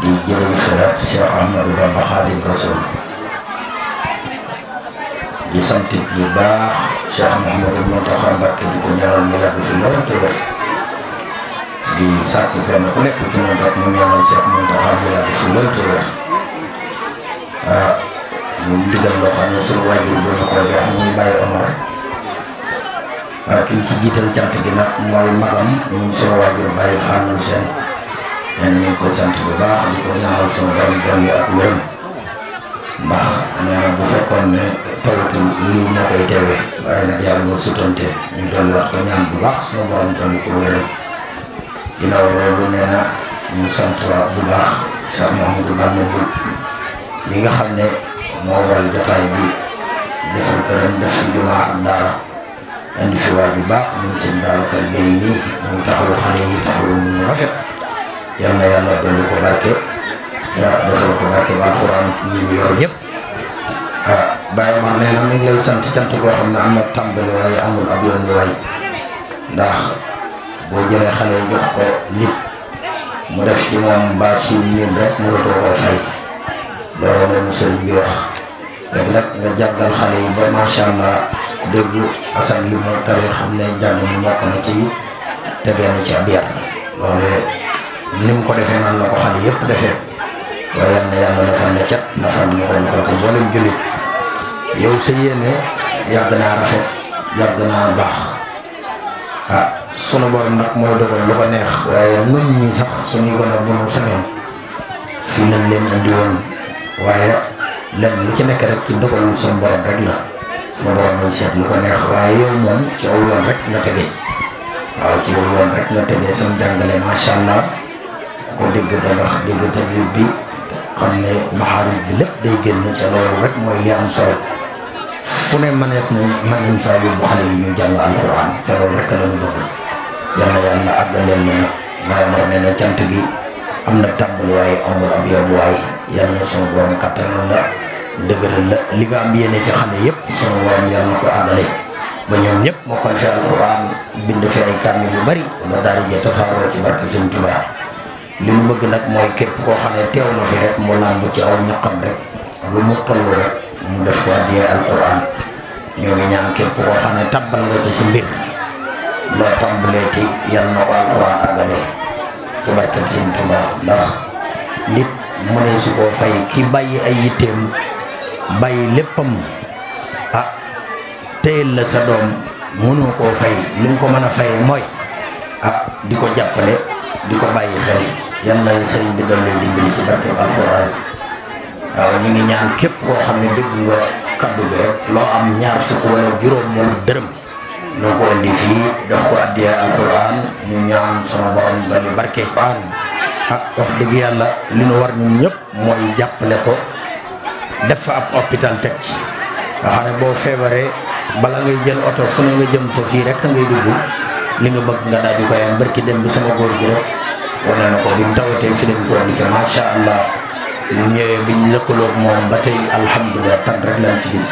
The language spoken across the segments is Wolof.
di jëriñ sëriñ Cheikh Ahmadou Bamba Khadim Rasoul di sant bu baax Cheikh Mouhamadou Mountakha Mbacké di ko ñaanal mu yàgg fi lool te wér di sàkk kenn ku nekk ci ñoom rek mu ñaanal Cheikh Mountakha mu yàgg fi lool te wér ah ñu ndigal loo xam ne suñu waajur bu ñu ko wax muy Baye Omar ah ci jiital cant gi nag mooy magam ñu suñu waajur Baye Xaanu Seen yéen ñu ngi sant bu baax di ko ñaanal sama borom doole ak wér ndax nee na bu fekkoon ne tawatul lii moo koy teewee waaye nag yàlla moo sutante ñu dolliwaat ko ñaan bu baax sama borom doole ko wéral bu baax sax nga xam ne moo waral jotaay bi defal këram def fi jumaa ak daara indi fi waa ju baax ñun seen daara kër gi nii ñu taxawu xale yi taxawu ñu rafet. yal na yàlla dolli ko barke defal ko barke ba alxuraan yi ñu yor yëpp ah Baye ma nee na mi lay sant cant boo xam ne am na tàmbali waaye amul ab yoon bi ndax boo jëlee xale yi jox ko nit mu def ci moom mbaa si ñun rek mënatoo koo fay loolu la mu sëriñ bi wax rek nag nga jàngal xale yi ba macha allah dégg asan li mu tari xam ne njàng mi mokk na ci te benn ci ab yar loolu ni mu ko defee naan la ko xale yëpp defee waaye yal na yàlla na fan ne cat na fan ñu ko defal ko mboolem jullit yow sa yéene yàgg naa rafet yàgg naa baax ah sunu borom nag mooy dogal lu ko neex waaye nun ñi sax suñuy gone bu nu sañoon fii nañ leen indi woon waaye lenn lu ci nekk rek ci ndogalu sunu borom rek la sunu borom lañ seet lu ko neex waaye yow moom ci aw yoon rek nga tege waaw ci aw yoon rek nga tege sunu jàngale macha allah. ko dégg dana wax dégg tamit bi xam ne maxaarij bi lépp day génn ca loolu rek mooy li am solo fu ne mënees na mën nañ faa yóbbu xale ñu jàng alquran te loolu rek lañu bëgg yàlla yàlla àggaleel ñu nag waaye ma ne na cant gi am na tàmbali waaye amul ab yoon waaye yàlla na sama borom kattanal la dëgëral la li nga am yéene ci xale yëpp sama borom yàlla na ko àggale ba ñoom ñëpp moo kon fi alquran bind fi ay kàmm yu bari ba daal di tasaaroo ci barke Sëñ Tuubaa li mu bëgg nag mooy képp koo xam ne teew na fi rek mu làmb ci aw ñaqam rek lu mu toll rek mu def ko addiyee alquran ñoo ngi ñaan képp koo xam ne tàbbal nga ko ci mbir loo tàmbalee yal na ko alquran àggale ci barkeb Sëñ Tuubaa ndax nit mu ne koo fay ki bàyyi ay yitteem bàyyi léppam ah téyel la sa doom mënoo koo fay li nga ko mën a fay mooy ah di ko jàppale di ko bàyyi xel yan lañu sëriñ bi doon leen dimbali ci barke alxuraan waaw ñu ngi ñaan képp koo xam ne dégg nga kaddu bi rek loo am ñaar fukk wala juróom wala dërëm ñu ko indi fii def ko addiya alxuraan ñu ñaan sama borom dali barke paan ak ah, wax dëgg yàlla li nu war ñun ñëpp mooy jàppale ko def fa ab hôpital teg ci xam ne boo feebaree bala ngay jël oto fu ne nga jëm fa fii rek ngay dugg li nga bëgg nga daal di dem bi sama góor gi wane na ko bi mu tawatee fi lañ ko indiqué allah mu ñëwee bi ñu lëkkaloog moom ba tey alhamdulilah tan rek lañ ci gis.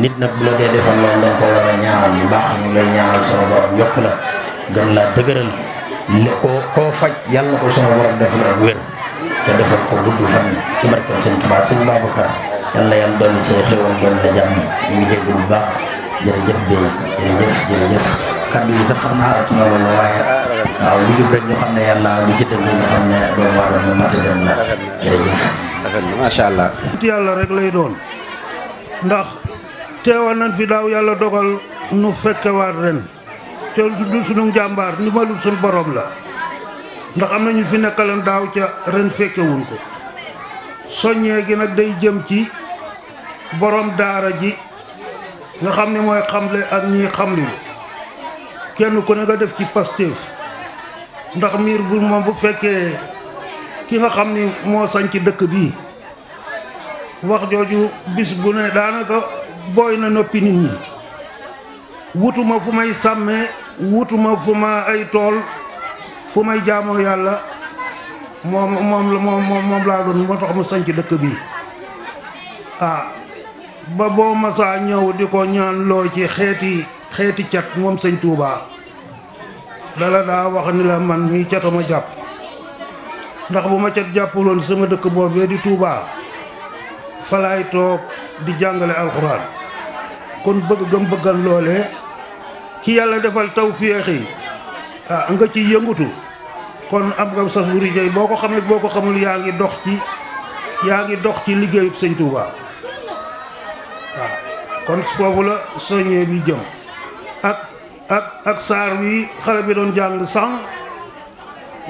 nit nag bu la dee defal loolu da nga ko war a ñaanal bu baax ñu lay ñaanal sama borom yokk la gën laa dëgëral li koo koo faj yàlla ko sama borom defal ak wér te defal ko gudd fan ci barkal sëñ Tuubaa sëñ Babacar yàlla yàlla doon say xéwal doon la jàmm ñu ngi dégg bu baax jërëjëf bee jërëjëf jërëjëf yi sax xam naa atuma loolu waaye. waaw lu jub rek ñu xam ne yàlla lu ci dëgg ñu xam ne doomu aadama mat dem la jërëjëf macha allah. yàlla rek lay doon ndax teewal nañ fi daaw yàlla dogal nu fekkewaat ren du sunu jàmbaar ni malul suñu borom la ndax am na ñu fi nekkaleen daaw ca ren fekkewuñ ko soññee gi nag day jëm ci borom daara ji nga xam ne mooy xamle ak ñiy xamlul kenn ku ne nga def ci pastéef ndax miir bu moom bu fekkee ki nga xam ni moo sañ dëkk bii wax jooju bis bu ne daanaka booy na noppi nit ñi wutuma fu may sàmmee wutuma fu ma ay tool fu may jaamoo yàlla moom moom moom laa doon moo tax mu sañ ci dëkk bii ah ba boo masaa ñëw di ko ñaan loo ci xeeti xeeti cat moom sëñ Tuubaa dala daa wax ni la man mii catama jàpp ndax bu ma cat jàppuloon sama dëkk boobee di Touba falaay toog di jàngale alxuraan kon bëgg gëm bëggal loole ki yàlla defal tawféex yi ah nga ci yëngutu kon am nga sas bu rijey boo ko xamee boo ko xamul yaa ngi dox ci yaa ngi dox ci liggéeyub sëñ Touba waaw kon foofu la soññee bi jëm ak ak saar bi xale bi doon jàng sànq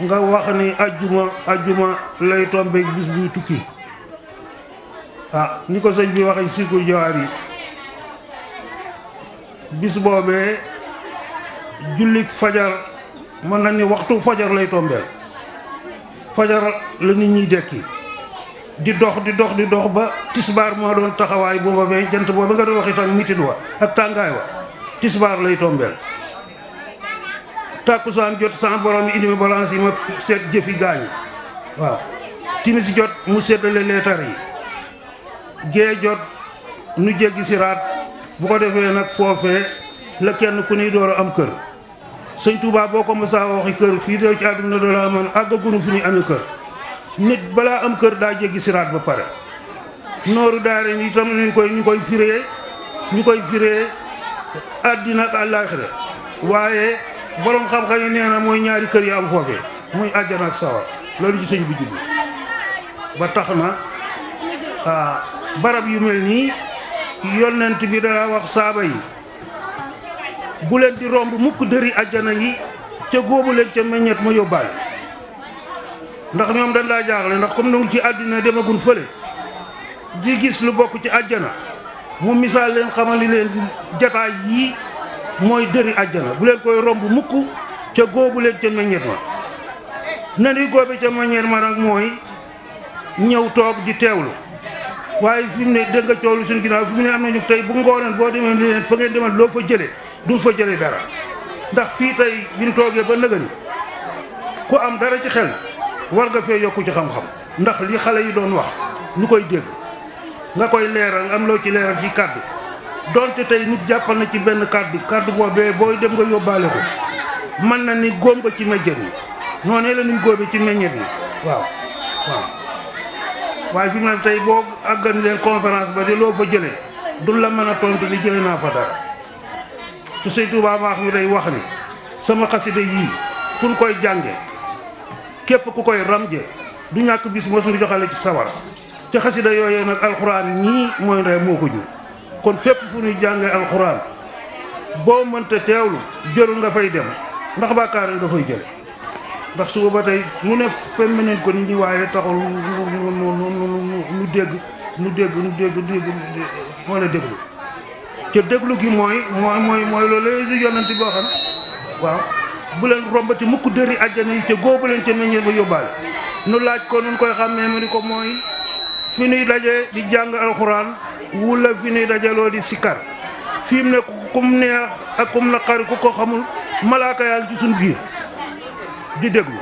nga wax ni ajjuma ajjuma lay tombe bis buy tukki ah ni ko sëñ bi waxee siikul jawaar yi bis boobee jullik fajar mën nañ ni waxtu fajar lay tombeel fajar la nit ñiy dekki di dox di dox di dox ba tisbaar moo doon taxawaay booba mais jant booba nga doon wax itam mitin wa ak tàngaay wa tisbaar lay tombeel tàkkusaan jot sama borom indi ma balance yi ma seet jëfi gaañu waaw timis jot mu seddale leetar yi gee jot nu jéggi siraat bu ko defee nag foofee la kenn ku ni door am kër sëñ Touba boo ko mësaa waxi kër fii de ci àdduna doolaa man àggagunu fu ñuy amee kër nit balaa am kër daa jéggi siraat ba pare nooru daare ni itam ñu koy ñu koy firee ñu koy firee àddina ak àllaaxira waaye borom xam-xam yi nee mooy ñaari kër yi am foofee muy àjjana ak sawar loolu ci sëñ bi jublu ba tax na ah, barab yu mel nii yonent bi daa wax saaba yi bu leen di romb mukk dëri àjjana yi ca góobu leen ca meññet ma yóbbaale ndax ñoom dañ laa jaaxle ndax comme nangu ci àddina demagun fële di lu bokk ci àjjana mu misaal leen xamali jataay yii mooy dëri àjjana bu leen koy romb mukk ca góobu leen ca meññeet ma na ni góobe ca meññeet ma nag mooy ñëw toog di teewlu waaye fi mu ne dégg nga coow lu suñu ginnaaw fi mu ne am nañu tey bu ngoonoon boo demee ni leen fa ngeen demal loo fa jëlee duñ fa jëlee dara ndax fii tey biñ toogee ba nëgëni ku am dara ci xel war nga fee yokku ci xam-xam ndax li xale yi doon wax ñu koy dégg nga koy leeral am loo ci leeral ci kàddu donte tey nit jàppal na ci benn kàddu kàddu boobee booy dem nga yóbbaale ko mën na ni góob nga ci mejjet bi noonee la ñuy góobee ci meññet bi waaw waaw waaye fi mu tey boo àggan leen conférence ba di loo fa jëlee du la mën a tontu li jëlee naa fa dara su sëñ Tuubaa baax mi day wax ni sama xasida yii fu ñu koy jànge képp ku koy ramje du ñàkk bis mos nga joxale ci sawara ca xasida yooyee nag alxuraan ñii mooy ndey moo ko jur kon fépp fu ñuy jàngee alxuraan boo mënta teewlu jërul nga fay dem ndax bàkkaar yi dafay jël ndax suba ba tey mu ne fem nañ ko nit ñi waaye taxul nu dégg nu dégg nu dégg dégg moo la déglu ca déglu gi mooy mooy mooy mooy loolu la yonent boo xam waaw bu leen rombati mukk dëri àjjana yi ca góobu leen ca nu laaj ko nun koy xàmmee mu ni ko mooy fi nuy daje di jàng alxuraan wula fi nuy dajaloo di sikkar fi mu ne kum neex ak kum naqari ku ko xamul malaaka yàlla ci suñu biir di déglu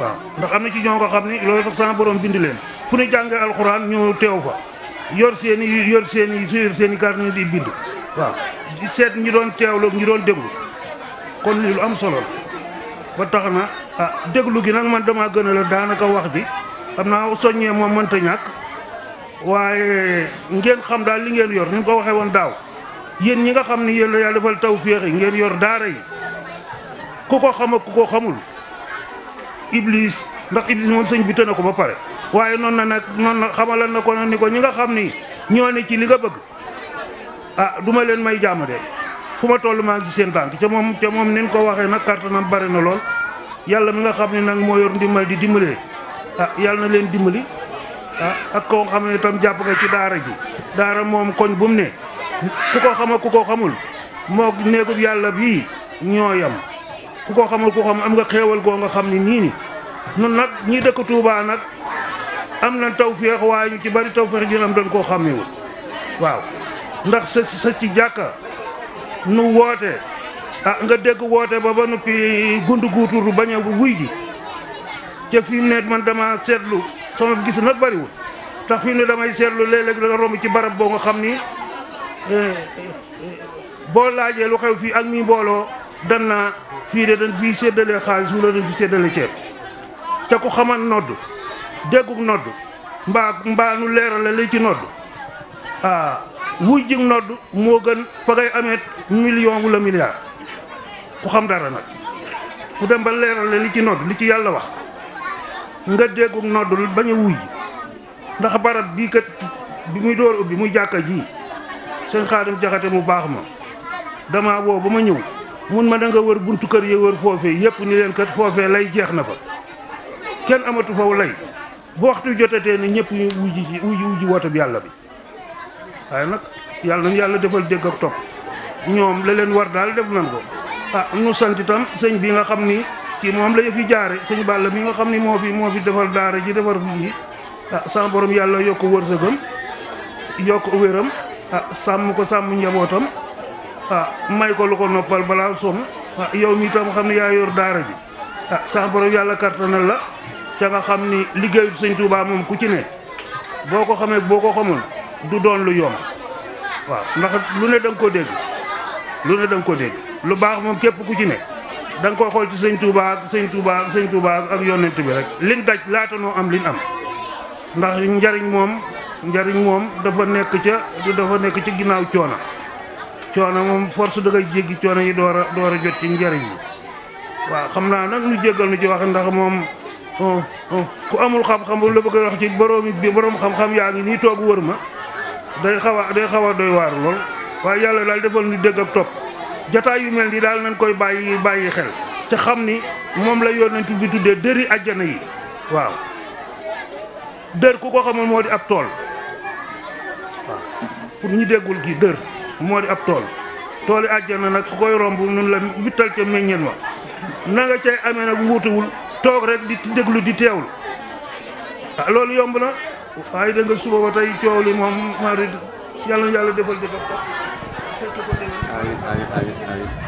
waaw ndax am na ci ñoo ko xam ni loolu tax sama borom bind leen fu ñu jàngee alxuraan ñu teew fa yor seen yor seeni i yor seen i carnet di bind waaw seet ñi doon teewlu ak ñi doon déglu kon lii lu am solo la ba tax na ah déglu gi nag man dama gën a daanaka wax bi xam naa soññee moom mënta ñàkk waaye ngeen xam daal li ngeen yor ni ko waxee woon daaw yéen ñi nga xam ni yéen la yàlla defal tawféex yi ngeen yor daara yi ku ko xam ak ku ko xamul iblis ndax iblis moom sëñ bi tëna ko ba pare waaye noonu na nag noonu na xamalal na ko ni ko ñi nga xam ni ñoo ne ci li nga bëgg a ah, du ma leen may jàmm de fu ma toll maa ngi seen tànk ca moom ca moom nin ko waxee nag kàttanam bare na lool yàlla mi nga xam ne nag moo yor ndimbal di dimbalee ah yàlla na leen dimbali a ah, ak koo xam itam jàpp nga ci daara ji daara moom koñ bu ne ku ko xam ku ko xamul moo néegub yàlla bii ñoo yam ku ko xamul ku ko xam am nga xéewal goo nga xam ni nii ni nun nag ñi dëkk Touba nag am na tawféex waaye ñu ci bari tawféex ji am doon koo xàmmewul waaw ndax sa sa ci jàkka nu woote a ah, nga dégg woote ba ba noppi gund guutur bañ a wuy ji ca fi mu man dama seetlu sama gis nag bariwut tax fi damay seetlu léeg-léeg ci barab boo nga xam ni eh, eh, boo laajee lu xew fii ak mi mbooloo dan na fii de dañ fii séddale xaalis wala dañ fi séddale ceeb ca ku xaman nodd dégguk nodd mbaa mbaa nu leerale li ci nodd ah wuy nodd moo gën fa ngay amee million wala milliard ku xam dara nag ku dem ba leerale li ci nodd li ci yàlla wax nga déggug noddul bañ a wuy ndax barab bii kat bi muy door ubbi muy jàkka ji seen xaadim jaxate mu baax ma dama woo ba ma ñëw mun ma da nga wër buntu kër yi wër foofee yëpp ni leen kat foofee lay jeex na fa kenn amatu faw lay bu waxtu jotatee ne ñëpp ñu wuy ji wuy ji woote bi yàlla bi waaye nag yàlla na yàlla defal dégg ak topp ñoom la leen war daal def nan ko ah nu sant itam sëñ nga xam ni ci moom la yëf yi jaare sëñ Balla mi nga xam ni moo fi moo fi defal daara ji defar fii ah sama borom yàlla yokk wërsëgam yokk wéram ah sàmm ko sàmm njabootam ah may ko lu ko noppal balaa sonn ah yow mi tam xam ne yaa yor daara ji ah sama borom yàlla kartanal la ca nga xam ni liggéeyu sëñ Touba moom ku ci ne boo ko xamee boo ko xamul du doon lu yomb waaw ndax lu ne da ko dégg lu ne da nga ko dégg lu baax moom képp ku ci ne. danga nga koy xool ci sëñ Touba ak sëñ Touba ak sëñ Touba ak yonent bi rek liñ daj laata noo am liñ am ndax njariñ moom njariñ moom dafa nekk ca dafa nekk ci ginnaaw coono coono moom force dangay jéggi coono yi door a door a jot ci njariñ yi waaw xam naa nag ñu jéggal nu ci wax ndax moom oh, oh, ku amul xam-xam la bëgg a wax ci borom bi borom xam-xam yaa ngi nii toog wër ma day xaw day xaw a doy waar lool waaye yàlla daal defal nu dégg ak topp. jotaay yu mel ni daal nañ koy bàyyi bàyyi xel ca xam ni moom la yonent bi tuddee dëri àjjana yi waaw dër ku ko xamul moo di ab tool pour ñu déggul kii dër moo di ab tool tooli àjjana nag ku koy romb nun la wittal ca wa na nga cay amee nag wuutawul toog rek di déglu di teewul ah, loolu yomb na waaye da nga suba ba tey coow moom mari yàlla yàlla defal ci